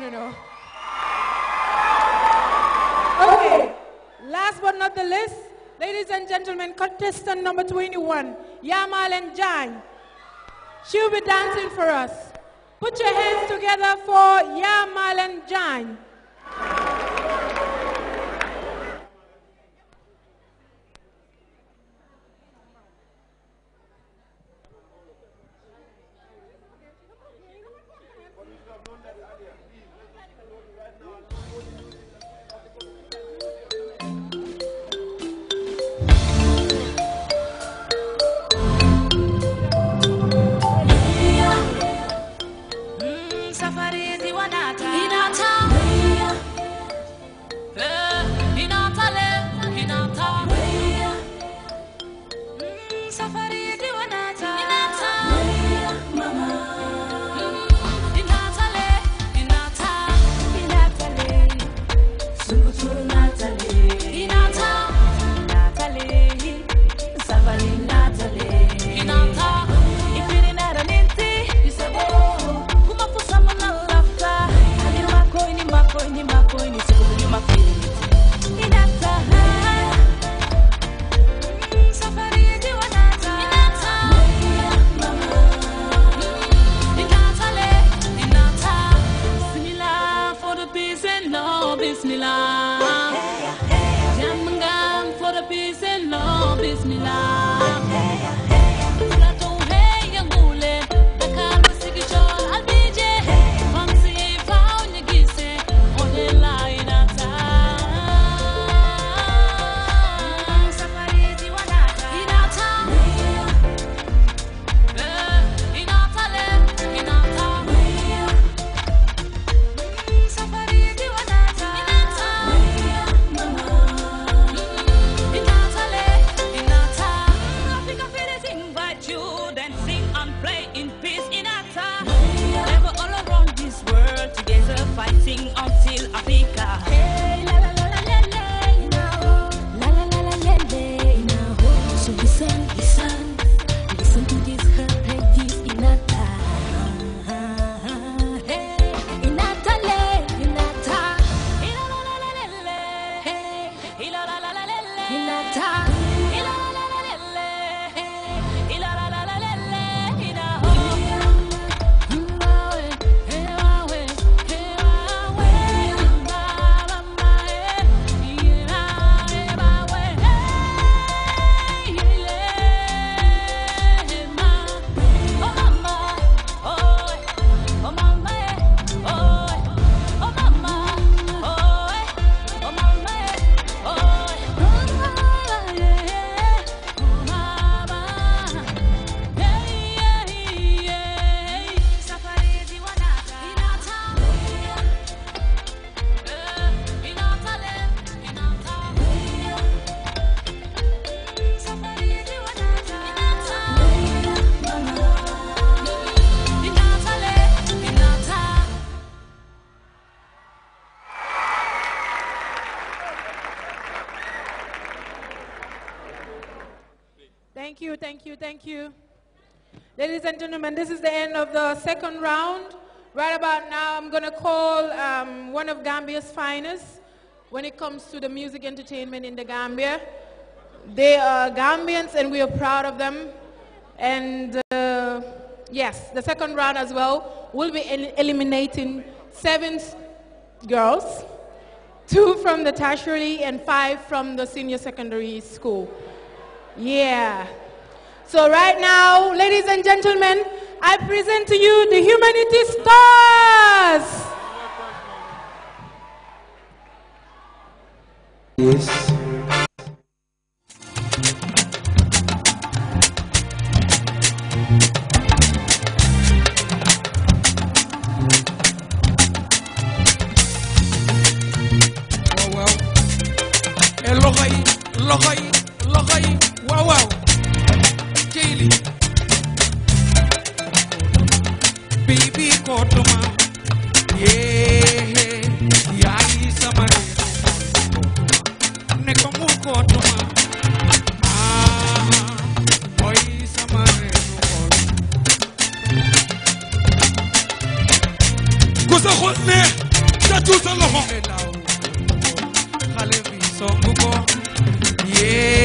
want to know. Okay, last but not the least, ladies and gentlemen, contestant number 21, Yamal and Jan. She'll be dancing for us. Put your hands together for Yamal and Jan. makoini makoini sikurudi mapenzi inataha safari yenyewe Bismillah. Thank you, thank you. Ladies and gentlemen, this is the end of the second round. Right about now, I'm going to call um, one of Gambia's finest when it comes to the music entertainment in the Gambia. They are Gambians and we are proud of them. And uh, yes, the second round as well will be el eliminating seven girls, two from the tertiary and five from the senior secondary school. Yeah. So right now, ladies and gentlemen, I present to you the Humanity Stars. Yes. బీబీ కోటుమా ఏ యాయి సమరే నెకము కోటుమా ku sa xol neex ca tuusal loxo xale bi songu ko yee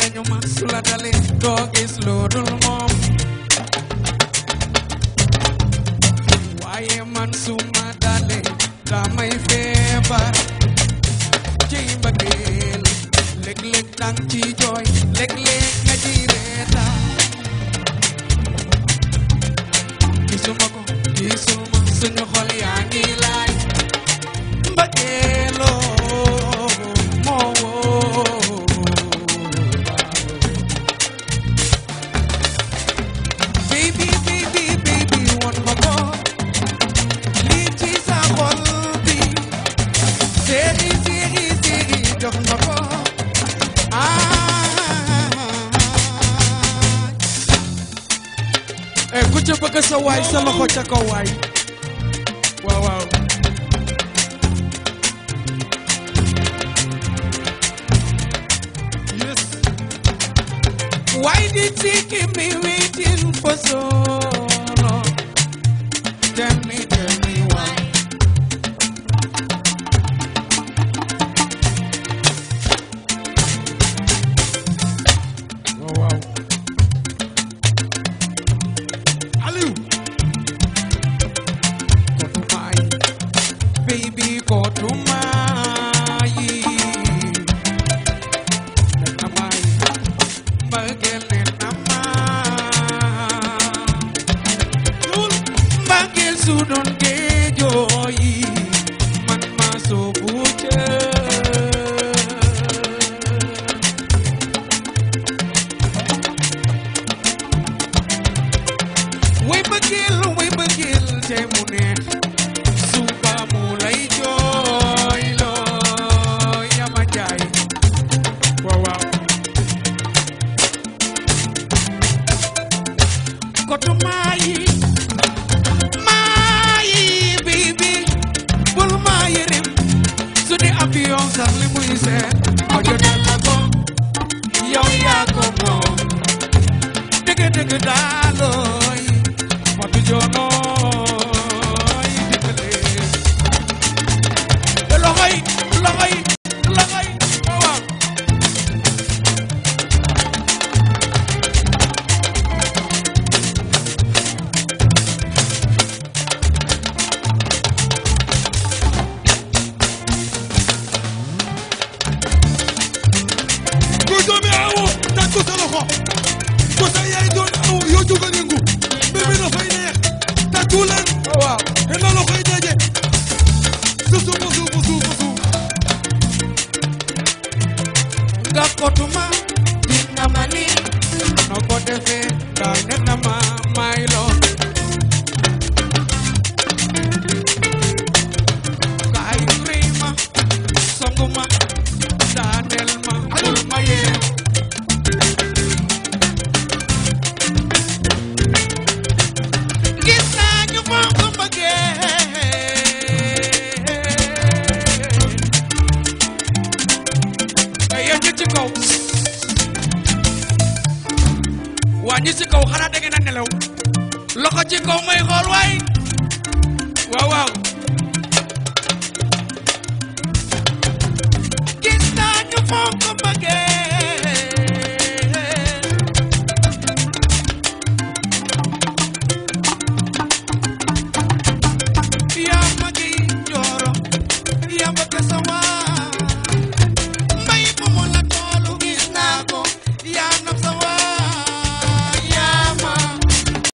nañu man su la dalee doo gis lu dul moom waaye man su ma dalee damay feebar ci mbëggeel leg léeg dang ci jooy leg. léeg sa waay sa loxo ca kaw waay waaw waaw yes why did she keep me waiting for so Sudan yow sax li muy seet ojjate na ko yow yaa ko moom dëgg dëgg daalooy matu joonooy dimbale te loxoy waa ñi si kaw xanaa da ngeen a nelaw ci kaw may xool waay waaw waaw